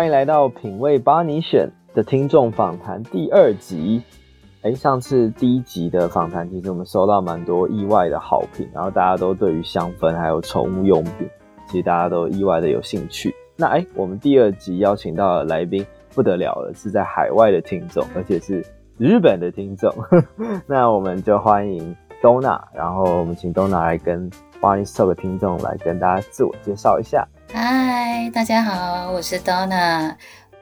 歡迎來到《品味巴尼選》的聽眾訪談第二集。哎，上次第一集的訪談，其實我們收到蠻多意外的好評，然後大家都對於香氛還有寵物用品，其實大家都意外的有興趣。那哎，我們第二集邀請到的來賓不得了了，是在海外的聽眾，而且是日本的聽眾。 那我們就歡迎 Donna，然後我們請 Donna 來跟 Barney's Talk 的聽眾來跟大家自我介紹一下。嗨，Hi，大家好，我是 Donna。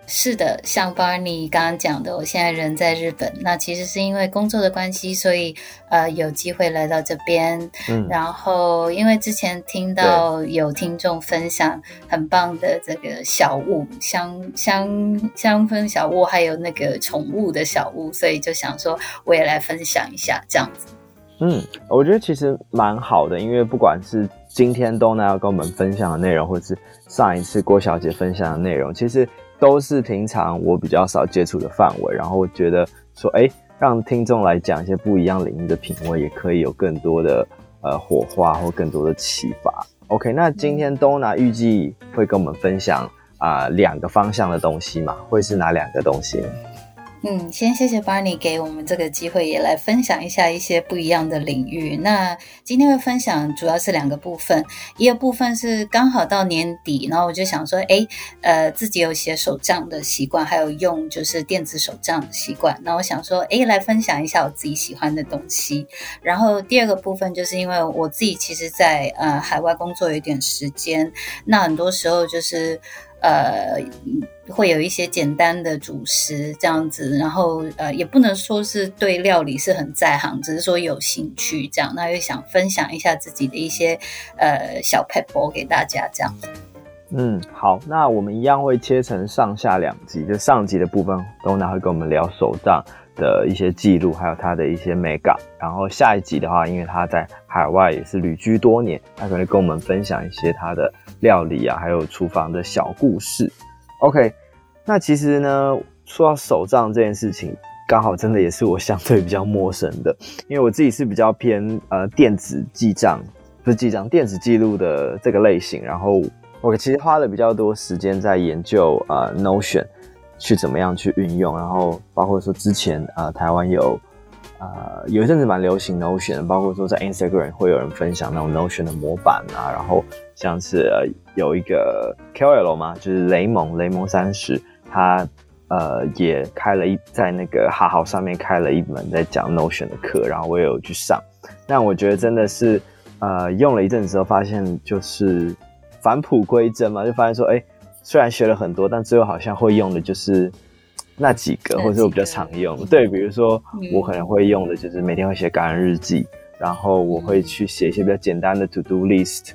是的，像 Barney 剛剛講的，我現在人在日本。那其實是因為工作的關係，所以呃有機會來到這邊。嗯，然後因為之前聽到有聽眾分享很棒的這個小物，對香香香氛小物，還有那個寵物的小物，所以就想說我也來分享一下這樣子。嗯，我覺得其實蠻好的，因為不管是今天都 o 要跟我們分享的內容，或是上一次郭小姐分享的內容，其實都是平常我比較少接觸的範圍。然後覺得說，哎、欸，讓聽眾來講一些不一樣領域的品味，也可以有更多的呃火花或更多的啟發。OK，那今天都 o 預計會跟我們分享啊兩、呃、個方向的東西嘛？會是哪兩個東西？嗯，先謝謝 Barney 給我們這個機會，也來分享一下一些不一樣的領域。那今天的分享主要是兩個部分，一個部分是剛好到年底，然後我就想說，誒，呃，自己有寫手賬的習慣，還有用就是電子手賬習慣。那我想說，誒，來分享一下我自己喜歡的東西。然後第二個部分，就是因為我自己其實在，在呃海外工作有點時間，那很多時候就是。呃，會有一些簡單的主食這樣子，然後呃，也不能說是對料理是很在行，只是說有興趣這樣，那又想分享一下自己的一些呃小撇步給大家這樣。嗯，好，那我們一樣會切成上下兩集，就上集的部分，Donna 會跟我們聊手賬的一些記錄，還有他的一些美感。然後下一集的話，因為他在海外也是旅居多年，他可能跟我們分享一些他的料理啊，還有廚房的小故事。OK，那其實呢，說到手賬這件事情，剛好真的也是我相對比較陌生的，因為我自己是比較偏呃電子記賬，不是記賬，電子記錄的這個類型。然後我其實花了比較多時間在研究啊 Notion。呃 Notion，去怎麼樣去運用？然後包括說之前啊、呃，台灣有呃有一陣子蠻流行的 Notion，包括說在 Instagram 會有人分享那種 Notion 的模板啊，然後像是、呃、有一個 KOL 嘛，就是雷蒙雷蒙三十，他呃也開了一在那個哈號上面開了一門在講 Notion 的課，然後我也有去上，但我覺得真的是呃用了一陣子之後，發現就是返璞歸真嘛，就發現說哎。欸雖然學了很多，但最後好像會用的就是那幾個，或者我比較常用。對，比如說我可能會用的就是每天會寫感恩日記，然後我會去寫一些比較簡單的 to do list。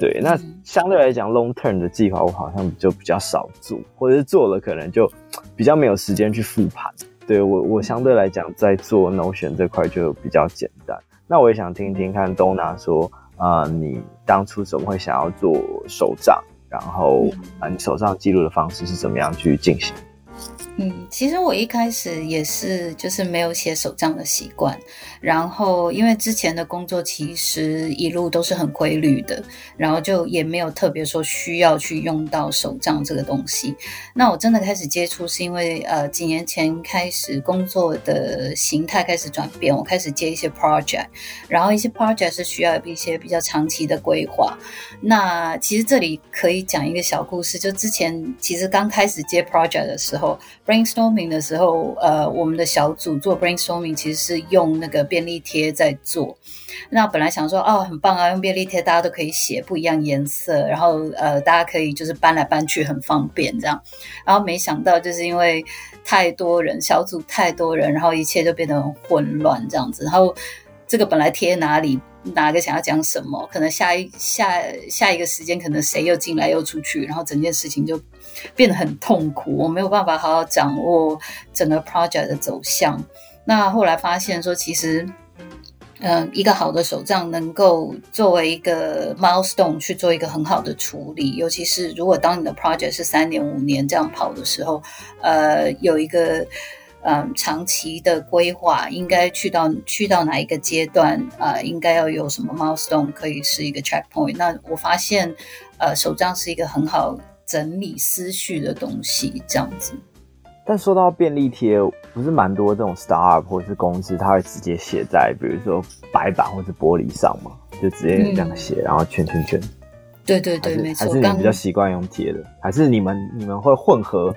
對，那相對來講 long term 的計劃我好像就比較少做，或者是做了可能就比較沒有時間去復盤。對我，我相對來講在做 Notion 這塊就比較簡單。那我也想聽聽看 Donna 說，啊、呃，你當初怎麼會想要做手賬？然後，啊，你手帳記錄的方式是怎麼樣去進行？嗯，其實我一開始也是，就是沒有寫手賬的習慣。然後，因為之前的工作其實一路都是很規律的，然後就也沒有特別說需要去用到手賬這個東西。那我真的開始接觸，是因為，呃，幾年前開始工作的形態開始轉變，我開始接一些 project，然後一些 project 是需要一些比較長期的規劃。那其實這裡可以講一個小故事，就之前其實剛開始接 project 的時候。brainstorming 的時候，呃，我們的小組做 brainstorming 其實是用那個便利貼在做。那本來想說，哦，很棒啊，用便利貼，大家都可以寫，不一樣顏色，然後呃，大家可以就是搬來搬去，很方便這樣。然後沒想到，就是因為太多人，小組太多人，然後一切就變得很混亂這樣子。然後這個本來貼哪裡？哪個想要講什麼？可能下一下下一個時間，可能誰又進來又出去，然後整件事情就變得很痛苦。我沒有辦法好好掌握整個 project 的走向。那後來發現說，其實，嗯、呃，一個好的手帳能夠作為一個 milestone 去做一個很好的處理，尤其是如果當你的 project 是三年五年這樣跑的時候，呃，有一個。呃、嗯，長期的規劃應該去到去到哪一個階段？啊、呃，應該要有什麼 milestone 可以是一個 checkpoint？那我發現，呃，手賬是一個很好整理思緒的東西，這樣子。但說到便利貼，不是蠻多這種 startup 或是公司，它會直接寫在，比如說白板或是玻璃上嘛，就直接這樣寫，嗯、然後圈圈圈。對對對，是沒錯。還是你比較習慣用貼的？剛還是你們你們會混合，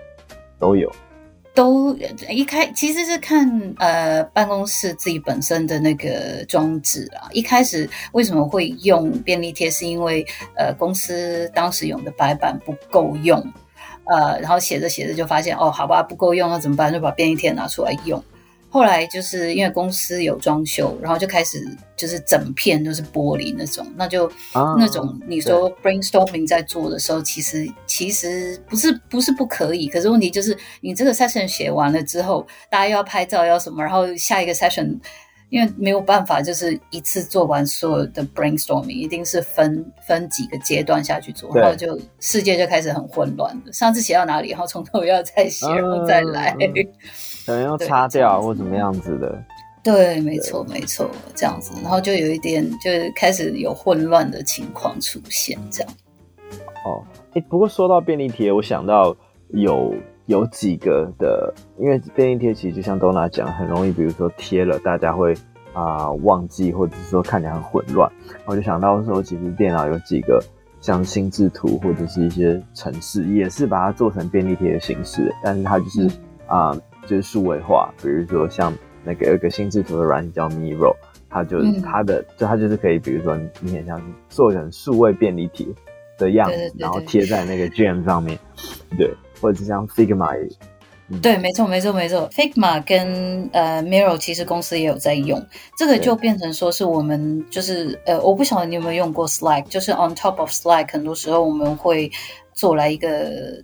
都有？都一開其實是看呃辦公室自己本身的那個裝置啊，一開始為什麼會用便利貼？是因為呃公司當時用的白板不夠用，呃，然後寫着寫着就發現哦，好吧，不夠用，那怎麼辦？就把便利貼拿出來用。後來就是因為公司有裝修，然後就開始就是整片都是玻璃那種，那就那種你說 brainstorming 在做的時候，uh, 對其實其實不是不是不可以，可是問題就是你這個 session 寫完了之後，大家要拍照要什麼，然後下一個 session，因為沒有辦法就是一次做完所有的 brainstorming，一定是分分幾個階段下去做，對然後就世界就開始很混亂了。上次寫到哪裡，然後從頭要再寫，然後再來。Uh, 可能要擦掉或怎麼樣子的，對，沒錯對沒錯，這樣子，然後就有一點，就是開始有混亂的情況出現，這樣。哦，哎、欸，不過說到便利貼，我想到有有幾個的，因為便利貼其實就像 Donna 講，很容易，比如說貼了，大家會啊、呃、忘記，或者是說看起來很混亂。我就想到說其實電腦有幾個像心智圖或者是一些程式，也是把它做成便利貼的形式，但是它就是啊。嗯呃就是數位化，比如說像那個有個心智圖的軟件叫 Miro，它就它的、嗯、就它就是可以，比如說你很像做成數位便利貼的樣子，對對對對，然後貼在那個 Jam 上面， 對，或者是像 Figma，、嗯、對，沒錯沒錯沒錯 Figma 呃跟呃 Miro 其實公司也有在用，這個就變成說是我們就是呃，我不曉得你有沒有用過 Slack，就是 on top of Slack，很多時候我們會。做來一個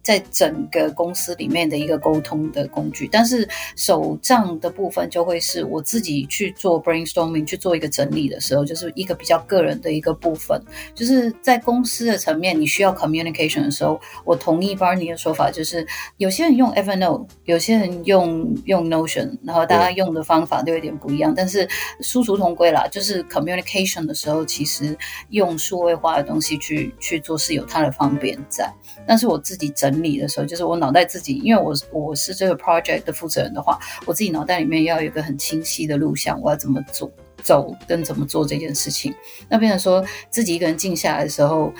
在整個公司裡面的一個溝通的工具，但是手賬的部分就會是我自己去做 brainstorming 去做一個整理的時候，就是一個比較個人的一個部分。就是在公司的層面，你需要 communication 的時候，我同意 Barney 的說法，就是有些人用 Evernote，有些人用用 Notion，然後大家用的方法都有點不一樣，但是殊途同歸啦。就是 communication 的時候，其實用數位化的東西去去做是有它的方便在。但是我自己整理的時候，就是我腦袋自己，因為我我是這個 project 的負責人的話，我自己腦袋裡面要有一個很清晰的路向，我要怎麼做、走跟怎麼做這件事情。那變成說自己一個人靜下來的時候，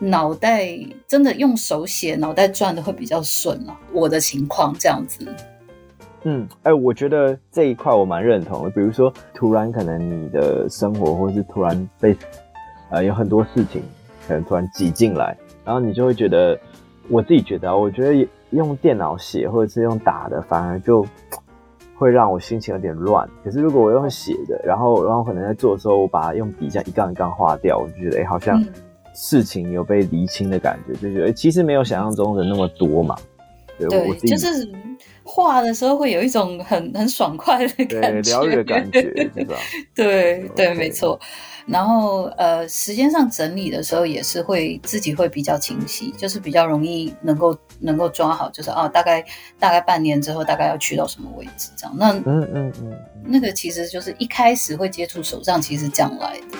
腦袋真的用手寫，腦袋轉的會比較順啊。我的情況這樣子。嗯，哎、呃，我覺得這一塊我蠻認同的。比如說，突然可能你的生活，或是突然被、呃、有很多事情，可能突然擠進來。然後你就會覺得，我自己覺得啊，我覺得用電腦寫或者是用打的，反而就會讓我心情有點亂。可是如果我用寫的，然後然後可能在做的時候，我把它用筆這樣一槓一槓畫掉，我就覺得，欸，好像事情有被釐清的感覺，就覺得，欸，其實沒有想象中的那麼多嘛。對，對，就是畫的時候會有一種很很爽快的感覺，了解，感覺是吧？對對，沒錯。然後呃，時間上整理的時候也是會自己會比較清晰，就是比較容易能夠能夠抓好，就是啊，大概大概半年之後，大概要去到什麼位置這樣。那嗯嗯嗯，嗯嗯那個其實就是一開始會接觸手賬其實這樣來的。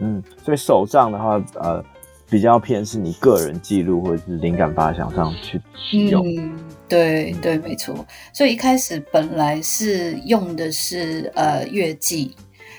嗯，所以手賬的話，呃。比較偏是你個人記錄或者是靈感發想上去使用，嗯、對對，沒錯。所以一開始本來是用的是呃月記，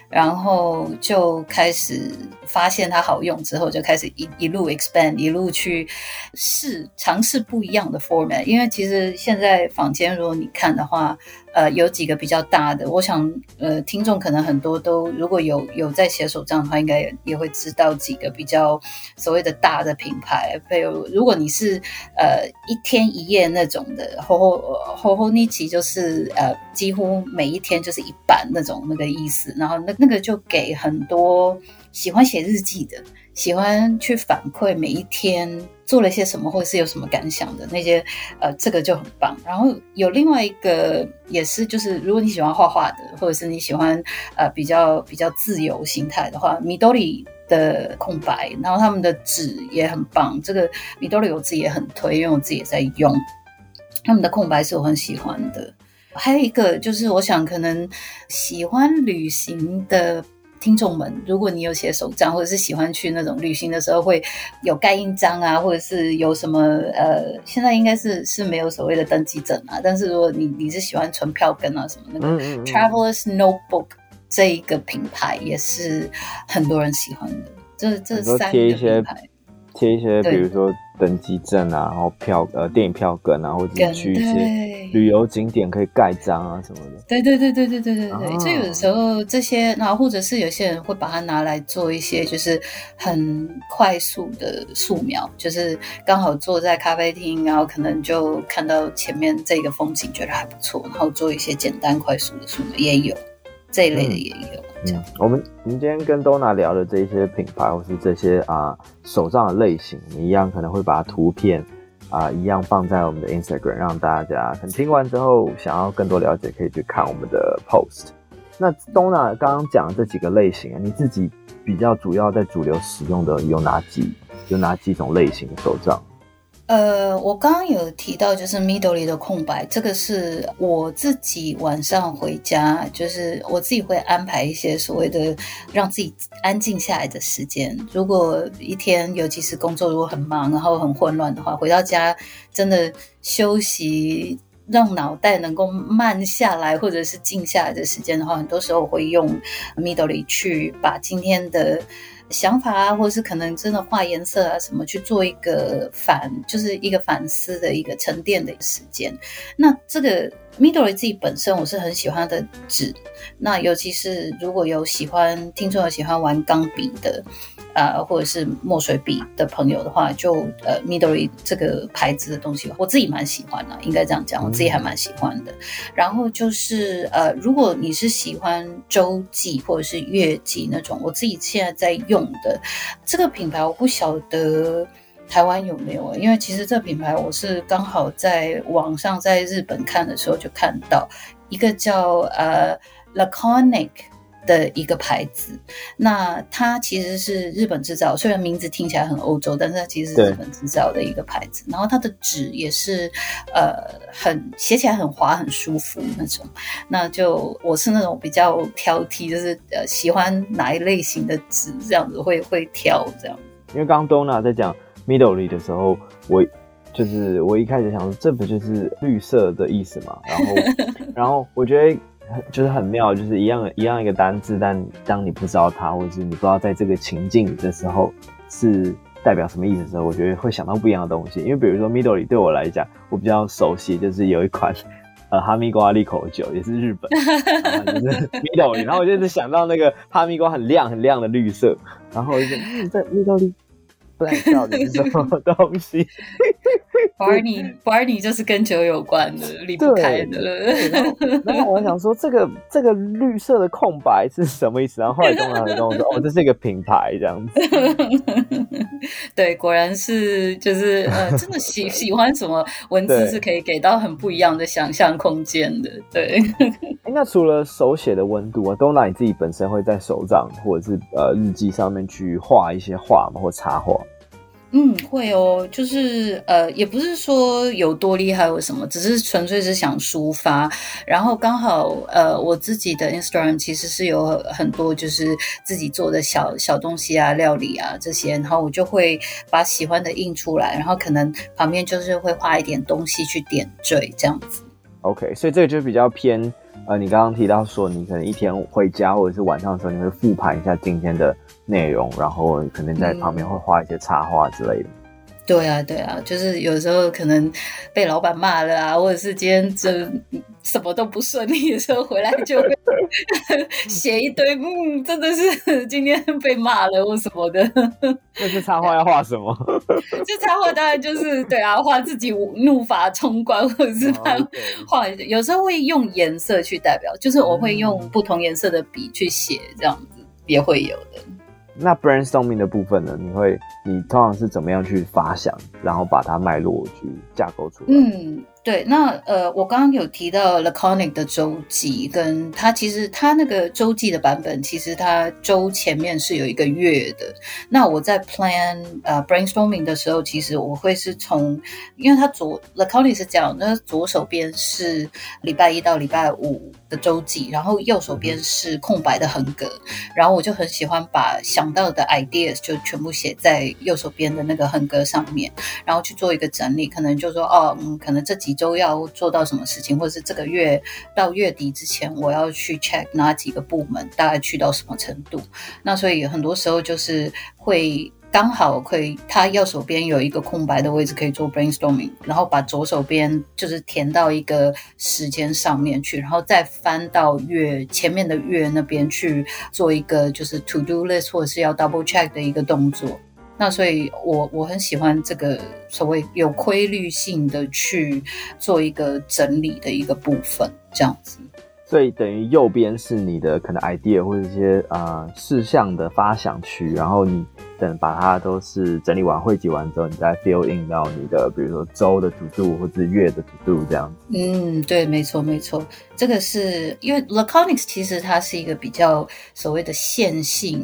然後就開始發現它好用之後，就開始一一路 expand，一路去試嘗試不一樣的 format。因為其實現在坊間，如果你看的話。呃，有幾個比較大的，我想，呃，聽眾可能很多都如果有有在寫手賬的話，應該也，也會知道幾個比較所謂的大的品牌。比如，如果你是呃一天一頁那種的，Hobo Hobonichi 就是呃幾乎每一天就是一版那種那個意思。然後那那個就給很多。喜歡寫日記的，喜歡去反饋每一天做了些什麼，或者是有什麼感想的那些，呃，這個就很棒。然後有另外一個，也是就是，如果你喜歡畫畫的，或者是你喜歡呃比較比較自由心態的話，Midori 的空白，然後他們的紙也很棒。這個 Midori 我自己也很推，因為我自己也在用，他們的空白是我很喜歡的。還有一個就是，我想可能喜歡旅行的。聽眾們，如果你有寫手賬，或者是喜歡去那種旅行的時候，會有蓋印章啊，或者是有什麼呃，現在應該是是沒有所謂的登記證啊。但是如果你你是喜歡存票根啊什麼，那個 Traveler's Notebook 這一個品牌也是很多人喜歡的。這這三個品牌。貼一些，比如說登機證啊，對然後票，呃，電影票根啊，或者去一些旅遊景點可以蓋章啊什麼的。對對對，對對對對對對對對。所以、oh. 有的時候這些，然後或者是有些人會把它拿來做一些，就是很快速的素描，就是剛好坐在咖啡廳，然後可能就看到前面這個風景，覺得還不錯，然後做一些簡單快速的素描也有。這一類的也有嗯，我們、嗯、這樣，我們今天跟 Donna 聊的這些品牌或是這些啊、呃、手賬的類型，我們一樣可能會把圖片啊、呃、一樣放在我們的 Instagram，讓大家可能聽完之後想要更多了解，可以去看我們的 post。那 Donna 剛剛講的這幾個類型啊，你自己比較主要在主流使用的有哪幾有哪幾種類型的手賬？呃，我剛剛有提到，就是 Midori 的空白，這個是我自己晚上回家，就是我自己會安排一些所謂的讓自己安靜下來的時間。如果一天，尤其是工作如果很忙，然後很混亂的話，回到家真的休息，讓腦袋能夠慢下來或者是靜下來的時間的話，很多時候我會用 Midori 去把今天的，想法啊，或者是可能真的畫顏色啊，什麼去做一個反，就是一個反思的一個沉澱的時間。那這個 Midori 自己本身，我是很喜歡的紙。那尤其是如果有喜歡聽眾有喜歡玩鋼筆的。啊、呃，或者是墨水筆的朋友的話，就呃，Midori 這個牌子的東西，我自己蠻喜歡的，應該這樣講，我自己還蠻喜歡的。嗯、然後就是呃，如果你是喜歡週記或者是月記那種，我自己現在在用的這個品牌，我不曉得台灣有沒有，因為其實這個品牌我是剛好在網上在日本看的時候就看到一個叫呃，Laconic。Lac onic, 的一個牌子，那它其實是日本制造，雖然名字聽起來很歐洲，但是它其實是日本制造的一個牌子。對然後它的紙也是，呃，很寫起來很滑，很舒服那種。那就我是那種比較挑剔，就是呃，喜歡哪一類型的紙，這樣子會會挑，這樣。因為剛剛 Donna 在講 Midori 的時候，我就是我一開始想說，這不就是綠色的意思嘛？然後， 然後我覺得。就是很妙，就是一樣一樣一個單字，但當你不知道它，或者是你不知道在這個情境的時候是代表什麼意思的時候，我覺得會想到不一樣的東西。因為比如說 Midori 對我來講，我比較熟悉，就是有一款呃哈密瓜利口酒，也是日本、 啊就是、Midori，然後我就一直想到那個哈密瓜很亮很亮的綠色，然後我就想，嗯，在 Midori，不知道是什麼東西。 Barney Barney 就是跟酒有關的，離對不開的了然。然後我想說這個 這個綠色的空白是什麼意思？然後後來 Donna 跟我說 哦，這是一個品牌這樣子。 對，果然是就是呃，真的喜 喜歡什麼文字是可以給到很不一樣的想象空間的。對，對、欸。那除了手寫的溫度啊，Donna 你自己本身會在手帳或者是呃日記上面去畫一些畫或插畫？嗯，會哦，就是呃，也不是說有多厲害或什麼，只是純粹是想抒發。然後剛好呃，我自己的 Instagram 其實是有很多就是自己做的小小東西啊、料理啊這些，然後我就會把喜歡的印出來，然後可能旁邊就是會畫一點東西去點綴這樣子。OK，所以這個就比較偏呃，你剛剛提到說，你可能一天回家或者是晚上的時候，你會復盤一下今天的內容，然後可能在旁邊會畫一些插畫之類的。嗯、對啊，對啊，就是有時候可能被老闆罵了啊，或者是今天這什麼都不順利的時候，回來就會寫 一堆。嗯，真的是今天被罵了或什麼的。那這插畫要畫什麼？這 插畫當然就是對啊，畫自己怒髮衝冠，或者是他畫。Oh, okay. 有時候會用顏色去代表，就是我會用不同顏色的筆去寫，這樣子也會有的。那 brainstorming 的部分呢？你會，你通常是怎麼樣去發想？然後把它脈絡去架構出來。嗯，對。那呃，我剛剛有提到 Laconic 的週記，跟他其實他那個週記的版本，其實他週前面是有一個月的。那我在 plan 呃 brainstorming 的時候，其實我會是從，因為他左 Laconic 是講，那左手邊是禮拜一到禮拜五的週記，然後右手邊是空白的橫格。嗯。然後我就很喜歡把想到的 ideas 就全部寫在右手邊的那個橫格上面。然後去做一個整理，可能就說哦，嗯，可能這幾周要做到什麼事情，或者是這個月到月底之前，我要去 check 哪幾個部門，大概去到什麼程度。那所以很多時候就是會剛好可以，他右手邊有一個空白的位置可以做 brainstorming，然後把左手邊就是填到一個時間上面去，然後再翻到月，前面的月那邊去做一個就是 to do list，或者是要 double check 的一個動作。那所以我，我我很喜歡這個所謂有規律性的去做一個整理的一個部分，這樣子。所以等於右邊是你的可能 idea 或者一些呃事項的發想區，然後你等把它都是整理完，匯集完之後，你再 fill in 到你的比如說週的 to do 或者月的 to do 這樣子。嗯，對，沒錯，沒錯。這個是因為 Laconic 其實它是一個比較所謂的線性。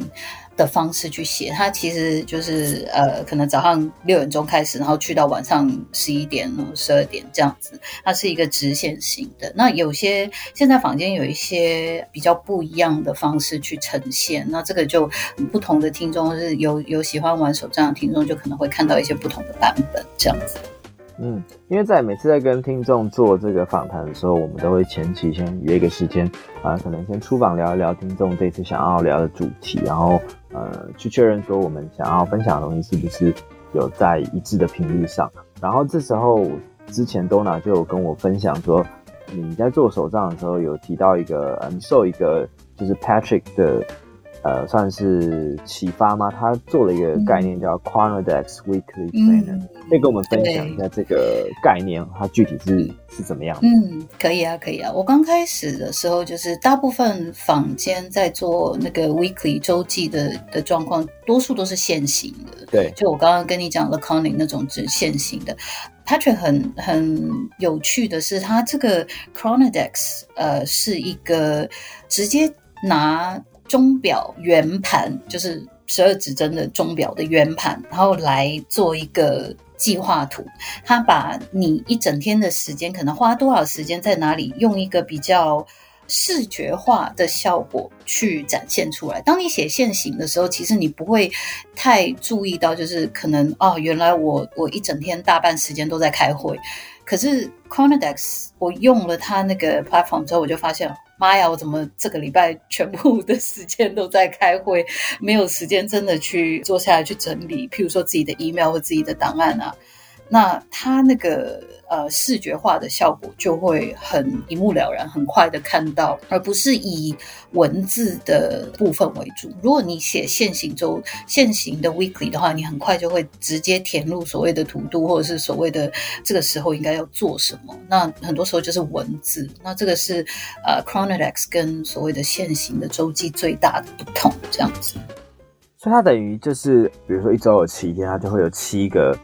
的方式去寫，它其實就是呃，可能早上六點鐘開始，然後去到晚上十一點、十二點這樣子。它是一個直線型的。那有些現在坊間有一些比較不一樣的方式去呈現。那這個就不同的聽眾，是有有喜歡玩手賬的聽眾，就可能會看到一些不同的版本這樣子。嗯，因為在每次在跟聽眾做這個訪談的時候，我們都會前期先約一個時間啊，可能先出訪聊一聊聽眾這次想要聊的主題，然後。呃，去確認說我們想要分享的東西是不是有在一致的頻率上，然後這時候之前 Donna 就有跟我分享說，你在做手賬的時候有提到一個，嗯、呃，受一個就是 Patrick 的。呃，算是啟發嗎？他做了一個概念叫 Chronodex Weekly Planner，、嗯嗯、可以跟我們分享一下這個概念，對它具體是、嗯、是怎麼樣的？嗯，可以啊，可以啊。我剛開始的時候，就是大部分坊間在做那個 Weekly 周記的的狀況，多數都是線型的。對，就我剛剛跟你講了 Laconic 那種直線型的 Patrick 很很有趣的是，他這個 Chronodex 呃是一個直接拿。鐘錶圓盤就是十二指針的鐘錶的圓盤，然後來做一個計劃圖。它把你一整天的時間可能花多少時間在哪裡，用一個比較視覺化的效果去展現出來。當你寫線型的時候，其實你不會太注意到，就是可能哦，原來我我一整天大半時間都在開會。可是 Chronodex 我用了它那個 platform 之後，我就發現媽呀，我怎麼這個禮拜全部的時間都在開會，沒有時間真的去坐下來去整理，譬如說自己的 email 或自己的檔案啊。那它那個呃視覺化的效果就會很一目了然，很快的看到，而不是以文字的部分為主。如果你寫現行周、現行的 weekly 的話，你很快就會直接填入所謂的圖度或者是所謂的這個時候應該要做什麼。那很多時候就是文字。那這個是呃 Chronodex 跟所謂的現行的周記最大的不同，這樣子。所以它等於就是，比如說一周有七天，它就會有七個。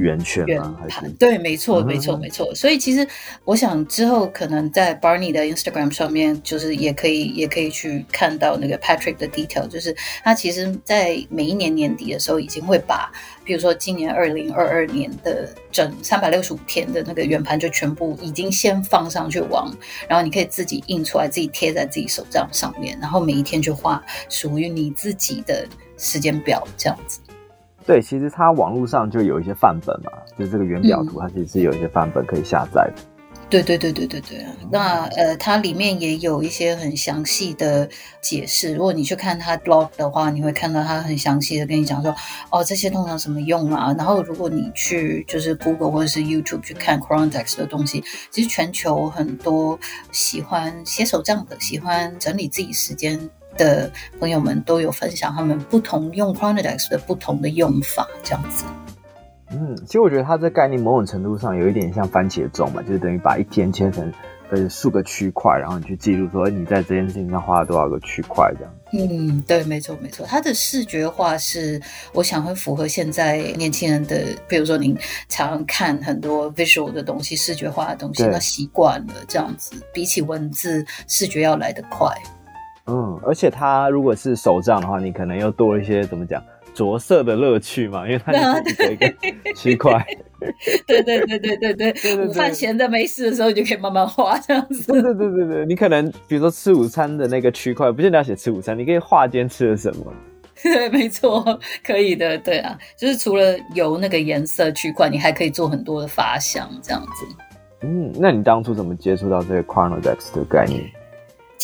圓圈、圓盤盤，是對，沒錯、嗯哼，沒錯，沒錯。所以其實我想之後可能在 Barney 的 Instagram 上面，就是也可以，也可以去看到那個 Patrick 的 detail，就是他其實在每一年年底的時候，已經會把，比如說今年二零二二年的整三百六十五天的那個圓盤，就全部已經先放上去玩。然後你可以自己印出來，自己貼在自己手賬上面，然後每一天就畫屬於你自己的時間表，這樣子。對，其實它網絡上就有一些範本嘛，就是這個原表圖，嗯、它其實是有一些範本可以下載的。對對對對對對。嗯、那呃，它裡面也有一些很詳細的解釋。如果你去看他 blog 的話，你會看到他很詳細的跟你講說，哦，這些通常怎麼用啊。然後如果你去就是 Google 或者是 YouTube 去看 Chronodex 的東西，其實全球很多喜歡寫手帳的，喜歡整理自己時間。的朋友們都有分享他們不同用 Chronodex 的不同的用法，這樣子。嗯，其實我覺得它這概念某種程度上有一點像番茄鐘嘛，就是等於把一天切成呃數個區塊，然後你去記錄說你在這件事情上花了多少個區塊這樣子。嗯，對，沒錯沒錯。它的視覺化是我想很符合現在年輕人的，比如說你常看很多 visual 的東西，視覺化的東西，對那習慣了這樣子，比起文字視覺要來得快。嗯，而且它如果是手賬的話，你可能又多一些怎麼講着色的樂趣嘛，因為它的一個、啊、區塊。對對對對對對，午飯前的沒事的時候，你就可以慢慢畫這樣子。對，對對對對，你可能比如說吃午餐的那個區塊，不是你要寫吃午餐，你可以畫今天吃了什麼。對，沒錯，可以的。對啊，就是除了有那個顏色區塊，你還可以做很多的發想這樣子。嗯，那你當初怎麼接觸到這個 Chronodex 的概念？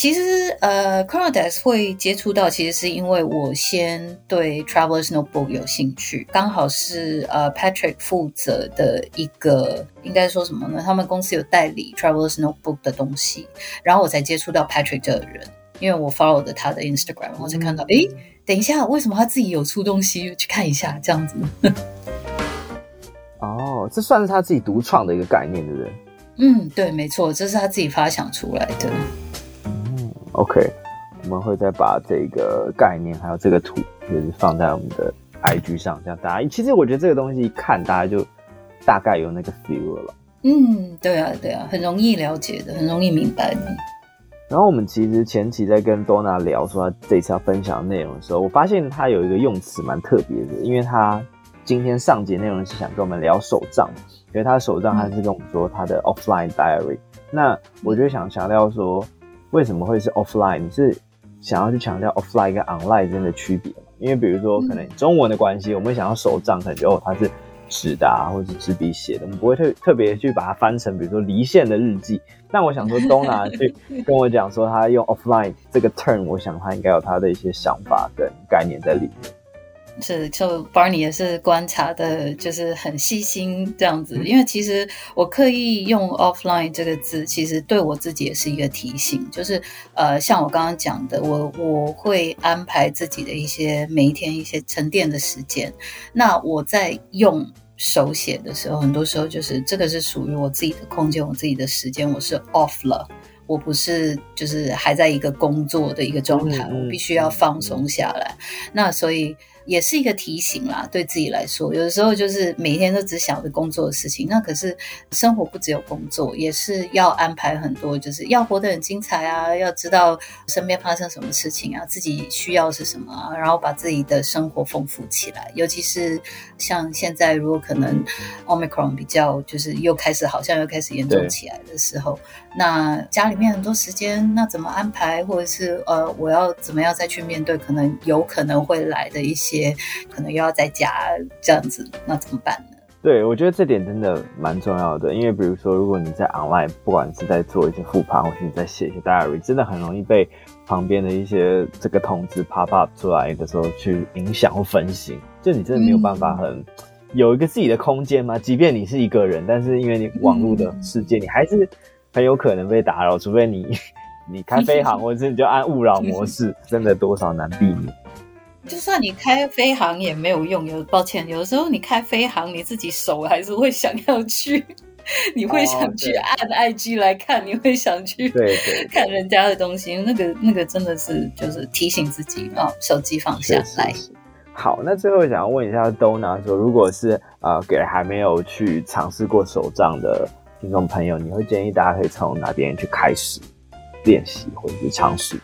其實呃，ChronoDex 會接觸到其實是因為我先對 Travelers Notebook 有興趣，剛好是呃 Patrick 負責的一個，應該說什麼呢？他們公司有代理 Travelers Notebook 的東西，然後我才接觸到 Patrick 這個人，因為我 follow 的他的 Instagram，我才看到，哎、嗯，等一下，為什麼他自己有出東西？去看一下這樣子。呵呵哦，這算是他自己獨創的一個概念，對不對？嗯，對，沒錯，這是他自己發想出來的。OK，我們會再把這個概念還有這個圖，就是放在我們的 IG 上，這樣大家其實我覺得這個東西一看，大家就大概有那個 feel 了。嗯，對啊，對啊，很容易了解的，很容易明白的。然後我們其實前期在跟 Donna 聊說她這次要分享的內容的時候，我發現他有一個用詞蠻特別的，因為他今天上節內容是想跟我們聊手賬，因為他手賬他是跟我們說他的 offline diary。嗯。那我就想強調說。為什麼會是 offline？你是想要去強調 offline 跟 online 之間的區別嗎？因為比如說，可能中文的關係，我們會想要手賬，可能覺得哦，它是紙的啊，或是紙筆寫的，我們不會特別特別去把它翻成比如說離線的日記。但我想說，Donna 去跟我講說他用 offline 這個 term，我想他應該有他的一些想法跟概念在裡面。是，就 Barney 也是觀察的，就是很細心這樣子。因為其實我刻意用 offline 這個字，其實對我自己也是一個提醒。就是呃，像我剛剛講的，我我會安排自己的一些每一天一些沉澱的時間。那我在用手寫的時候，很多時候就是這個是屬於我自己的空間，我自己的時間，我是 off 了，我不是就是還在一個工作的一個狀態，對對對，我必須要放鬆下來。那所以。也是一個提醒啦，對自己來說，有的時候就是每天都只想着工作的事情，那可是生活不只有工作，也是要安排很多，就是要活得很精彩啊，要知道身邊發生什麼事情啊，自己需要是什麼啊，然後把自己的生活豐富起來。尤其是像現在，如果可能 Omicron 比較就是又開始好像又開始嚴重起來的時候，對那家裡面很多時間，那怎麼安排，或者是呃，我要怎麼樣再去面對可能有可能會來的一些。可能又要在家這樣子，那怎麼辦呢？對，我覺得這點真的蠻重要的，因為比如說，如果你在 online，不管是在做一些復盤，或者是你在寫一些 diary，真的很容易被旁邊的一些這個通知 pop up 出來的時候去影響或分心，就你真的沒有辦法很、嗯、有一個自己的空間嘛，即便你是一個人，但是因為你網絡的世界，嗯、你還是很有可能被打擾，除非你你開飛行，是是是，或者是你就按勿擾模式，是是是，真的多少難避免。嗯就算你開飛行也沒有用，有抱歉。有的時候你開飛行，你自己手還是會想要去，你會想去按 IG 來看，哦，你會想去對，看人家的東西。那個那個真的是就是提醒自己啊，哦，手機放下來。好，那最後我想要問一下 Donna 說，如果是啊，呃、給還沒有去嘗試過手賬的聽眾朋友，你會建議大家可以從哪邊去開始練習或者是嘗試？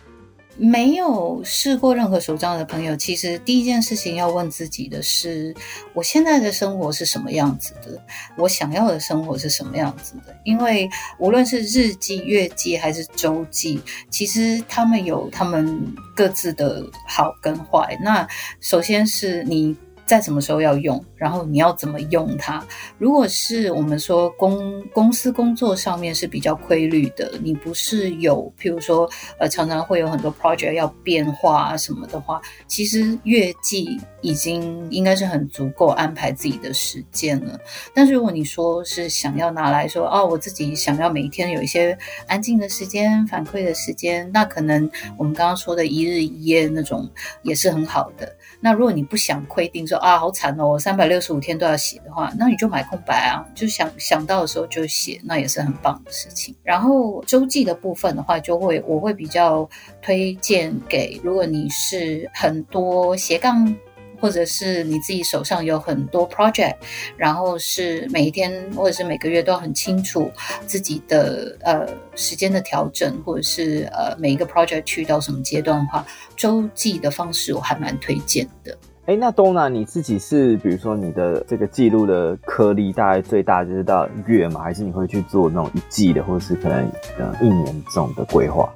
沒有試過任何手賬的朋友，其實第一件事情要問自己的是：我現在的生活是什麼樣子的？我想要的生活是什麼樣子的？因為無論是日記、月記還是周記，其實他們有他們各自的好跟壞。那首先是你在什麼時候要用？然後你要怎麼用它？如果是我們說公公司工作上面是比較規律的，你不是有譬如說呃常常會有很多 project 要變化啊什麼的話，其實月計已經應該是很足夠安排自己的時間了。但是如果你說是想要拿來說哦、啊，我自己想要每一天有一些安靜的時間、反饋的時間，那可能我們剛剛說的一日一頁那種也是很好的。那如果你不想規定說啊，好慘哦，三百六六十五天都要寫的話，那你就買空白啊，就想想到的時候就寫，那也是很棒的事情。然後週記的部分的話，就會我會比較推薦給，如果你是很多斜槓，或者是你自己手上有很多 project，然後是每一天或者是每個月都要很清楚自己的呃時間的調整，或者是呃每一個 project 去到什麼階段的話，週記的方式我還蠻推薦的。誒，那 Donna 你自己是，比如說你的這個記錄的顆粒大概最大就是到月嘛，還是你會去做那種一季的，或者是可能，可能一年這種的規劃？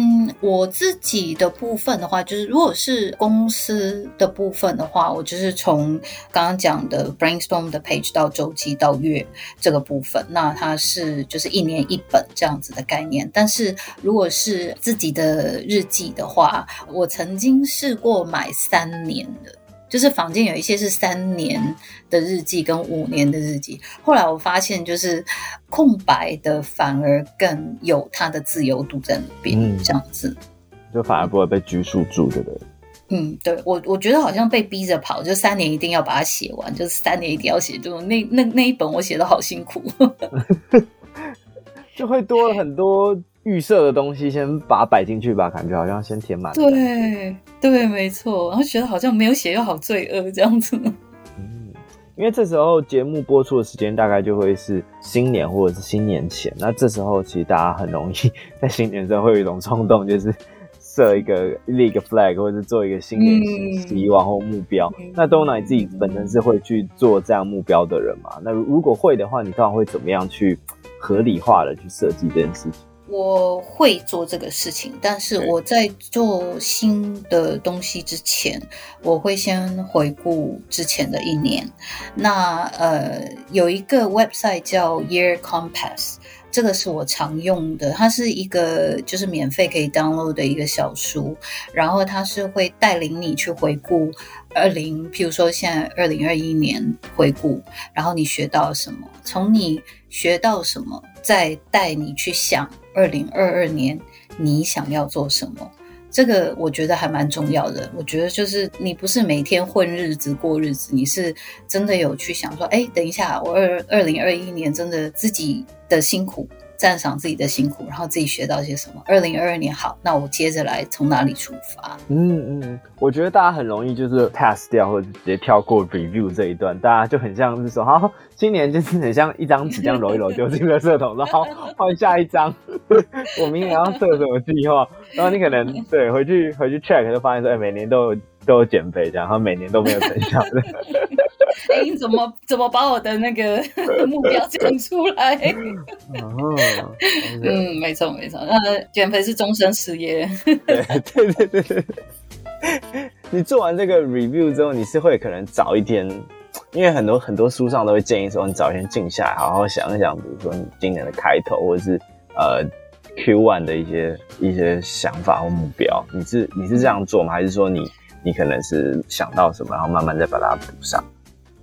嗯，我自己的部分的話，就是如果是公司的部分的話，我就是從剛剛講的 brainstorm 的 page 到周期到月這個部分，那它是就是一年一本這樣子的概念。但是如果是自己的日記的話，我曾經試過買三年的。就是房間有一些是三年的日記跟五年的日記，後來我發現就是空白的反而更有它的自由度在裡邊，嗯、這樣子就反而不會被拘束住，對不對？嗯，對，我我覺得好像被逼着跑，就三年一定要把它寫完，就是三年一定要寫，就那那那一本我寫得好辛苦， 就會多了很多。預設的東西，先把它擺進去吧，感覺好像先填滿。對，對，沒錯。然後覺得好像沒有寫又好罪惡這樣子。嗯，因為這時候節目播出的時間大概就會是新年或者是新年前。那這時候其實大家很容易在新年的時候會有一種衝動，嗯、就是設一個 League flag，或者是做一個新年期、嗯、往後目標。嗯、那 Donna 你自己本身是會去做這樣目標的人嘛？那如如果會的話，你到底會怎麼樣去合理化的去設計這件事情？我會做這個事情，但是我在做新的東西之前，我會先回顧之前的一年。那呃，有一個 website 叫 Year Compass，這個是我常用的，它是一個就是免費可以 download 的一個小書，然後它是會帶領你去回顧二零，譬如說現在二零二一年回顧，然後你學到什麼，從你學到什麼，再帶你去想。二零二二年，你想要做什麼？這個我覺得還蠻重要的。我覺得就是你不是每天混日子過日子，你是真的有去想說，哎、欸，等一下，我二零二一年真的自己的辛苦。讚賞自己的辛苦，然後自己學到一些什麼。二零二二年好，那我接着來從哪裡出发？嗯嗯，我覺得大家很容易就是 pass 掉，或者直接跳過 review 這一段，大家就很像是說，好，今年就是很像一張紙這樣揉一揉丟進了垃圾桶， 然後換下一張。 我明年要設什麼計劃？然後你可能對回去回去 check 就發現說，哎、欸，每年都有都有減肥這樣，然後每年都沒有成效這樣。 怎麼怎麼把我的那個目標講出來？哦， 嗯，Okay. 沒錯沒錯。那減肥是終身事業。對對對對對。你做完這個 review 之後，你是會可能早一天，因為很多很多書上都會建議說，你早一天靜下來，好好想一想，比如說你今年的開頭，或者是呃 Q one 的一些一些想法或目標，你是你是這樣做嗎？還是說你你可能是想到什麼，然後慢慢再把它補上？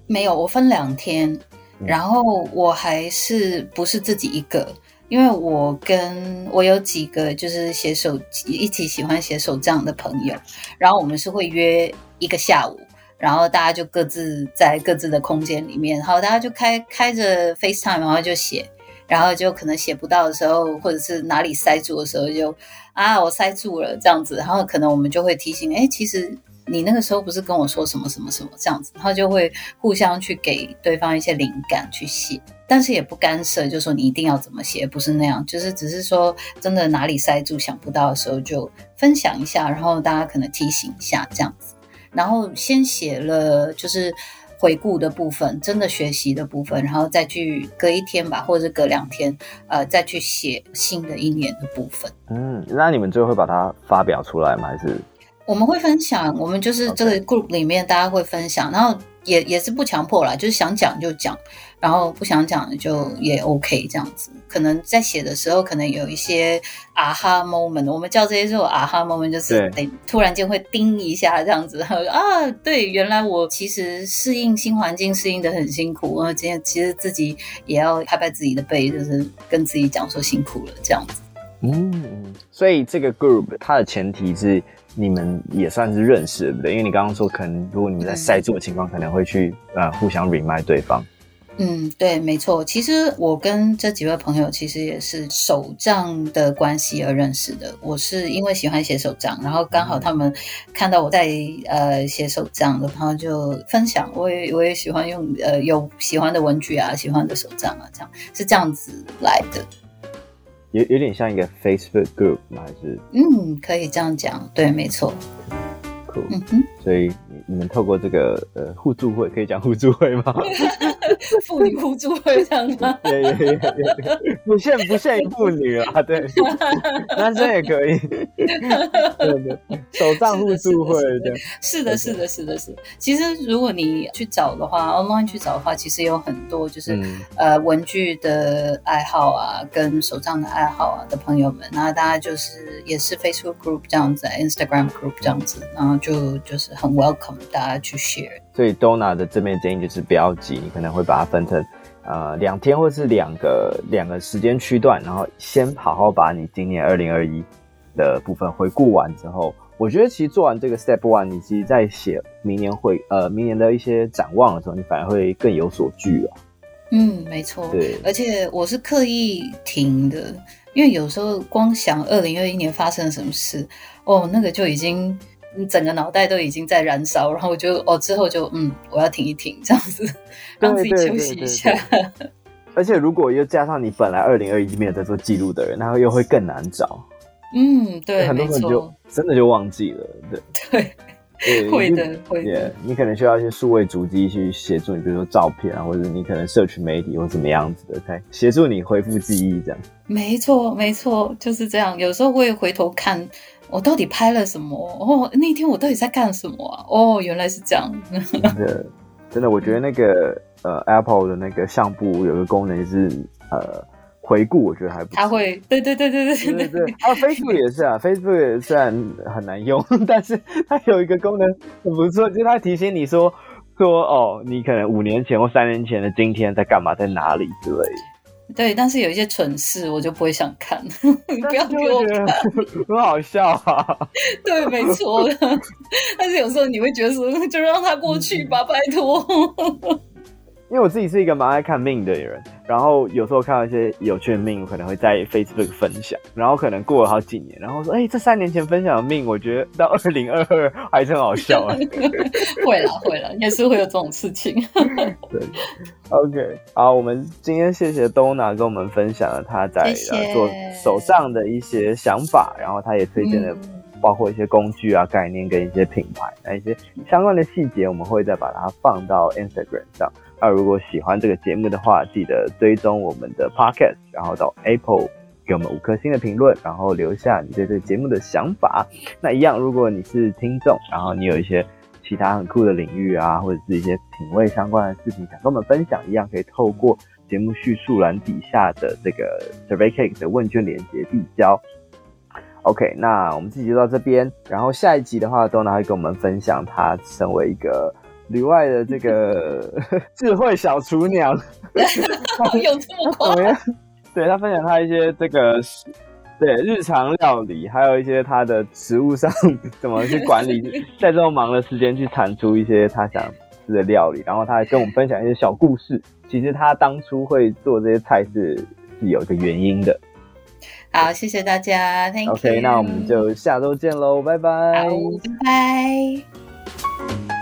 沒有，我分兩天，然後我還是不是自己一個，因為我跟我有幾個就是寫手一起喜歡寫手賬的朋友，然後我們是會約一個下午，然後大家就各自在各自的空間裡面，然後大家就開開着 FaceTime，然後就寫，然後就可能寫不到的時候，或者是哪裡塞住的時候就，就啊我塞住了這樣子，然後可能我們就會提醒，哎，其實。你那個時候不是跟我說什麼什麼什麼這樣子，他就會互相去給對方一些靈感去寫，但是也不干涉，就說你一定要怎麼寫，不是那樣，就是只是說真的哪裡塞住想不到的時候就分享一下，然後大家可能提醒一下這樣子。然後先寫了就是回顧的部分，真的學習的部分，然後再去隔一天吧，或者隔兩天，呃，再去寫新的一年的部分。嗯，那你們最後會把它發表出來嗎？還是？我們會分享，我們就是這個 group 裡面大家會分享，Okay. 然後也也是不強迫啦，就是想講就講，然後不想講就也 OK 這樣子。可能在寫的時候，可能有一些啊哈 moment，我們叫這些時候啊哈 moment，就是突然間會叮一下這樣子。對啊，對，原來我其實適應新環境適應得很辛苦啊，今天其實自己也要拍拍自己的背，就是跟自己講說辛苦了這樣子。嗯，所以這個 group 它的前提是。你們也算是認識，對不對？因為你剛剛說，可能如果你們在塞住的情況，嗯、可能會去、呃、互相連麥對方。嗯，對，沒錯。其實我跟這幾位朋友其實也是手賬的關係而認識的。我是因為喜歡寫手賬，然後剛好他們看到我在呃寫手賬，然後就分享。我也我也喜歡用呃有喜歡的文具啊，喜歡的手賬啊，這樣是這樣子來的。有有點像一個 Facebook group 嗎？還是嗯，可以這樣講，對，沒錯，Cool，嗯哼，所以。你們透過這個呃互助會，可以講互助會嗎？婦 女互助會這樣子，對對對，不限不限婦女啊，對，男生也可以，對對，手賬互助會，對，是，是的，是的，是的，是的。其實如果你去找的話，online 去找的話，其實有很多就是、嗯、呃文具的愛好啊，跟手賬的愛好啊的朋友們，然後大家就是也是 Facebook group 這樣子，Instagram group 這樣子，然後就就是很 welcome。我們大家去寫，所以 Donna 的這邊建議就是不要急，你可能會把它分成呃、兩天或是兩個兩個時間區段，然後先好好把你今年二零二一的部分回顧完之後，我覺得其實做完這個 Step One，你自己再寫明年會呃、明年的一些展望的時候，你反而會更有所據了啊。嗯，沒錯，對，而且我是刻意停的，因為有時候光想二零二一年發生了什麼事，哦，那個就已經。你整個腦袋都已經在燃燒，然後我就哦，之後就嗯，我要停一停，這樣子對讓自己休息一下。 而且，如果又加上你本來二零二一沒有在做記錄的人，那又會更難找。嗯，對，很多人就錯真的就忘記了。對對，對會的為會的。Yeah, 你可能需要一些數位足跡去協助你，比如說照片啊，或者你可能社群媒體或怎麼樣子的，可以協助你恢復記憶這樣。沒錯，沒錯，就是這樣。有時候會回頭看。我到底拍了什麼？哦，oh，那天我到底在幹什麼啊？哦，oh，原來是這樣。 真的，真的，我覺得那個呃 Apple 的那個相簿有個功能是呃回顧，我覺得還不錯。它會，對對對對對對對。還有 Facebook 也是啊，Facebook 也雖然很難用，但是它有一個功能很不錯，就是它提醒你說說哦，你可能五年前或三年前的今天在幹嘛，在哪裡之類的。對，但是有一些蠢事，我就不會想看， 不要給我看，很好笑啊！ 對，沒錯的。但是有時候你會覺得說，就讓它過去吧，嗯、拜託。 因為我自己是一個蠻愛看命的人，然後有時候看到一些有趣的命，我可能會在 Facebook 分享，然後可能過了好幾年，然後說，哎、欸，這三年前分享的命，我覺得到二零二二還真好笑啊。會了會了，也是會有這種事情。對，OK，好，我們今天謝謝 Donna 跟我們分享了她在謝謝、啊、做手帳的一些想法，然後她也推薦了、嗯、包括一些工具啊、概念跟一些品牌，那一些相關的細節，我們會再把它放到 Instagram 上。那如果喜歡這個節目的話，記得追蹤我們的 Podcast 然後到 Apple 給我們五顆星的評論，然後留下你對這個節目的想法。那一樣，如果你是聽眾，然後你有一些其他很酷的領域啊，或者是一些品味相關的視頻想跟我們分享，一樣可以透過節目敘述欄底下的這個 Survey Cake 的問卷鏈接遞交。OK，那我們這集就到這邊，然後下一集的話，Donna 會跟我們分享他身為一個。旅外的這個智慧小廚娘， 是有這麼狂？對，他分享他一些這個對日常料理，還有一些他的食物上怎麼去管理， 在這種忙的時間去產出一些他想吃的料理。然後他還跟我們分享一些小故事。其實他當初會做這些菜是是有一個原因的。好，謝謝大家。OK，thank you. 那我們就下週見嘍，拜拜，拜拜。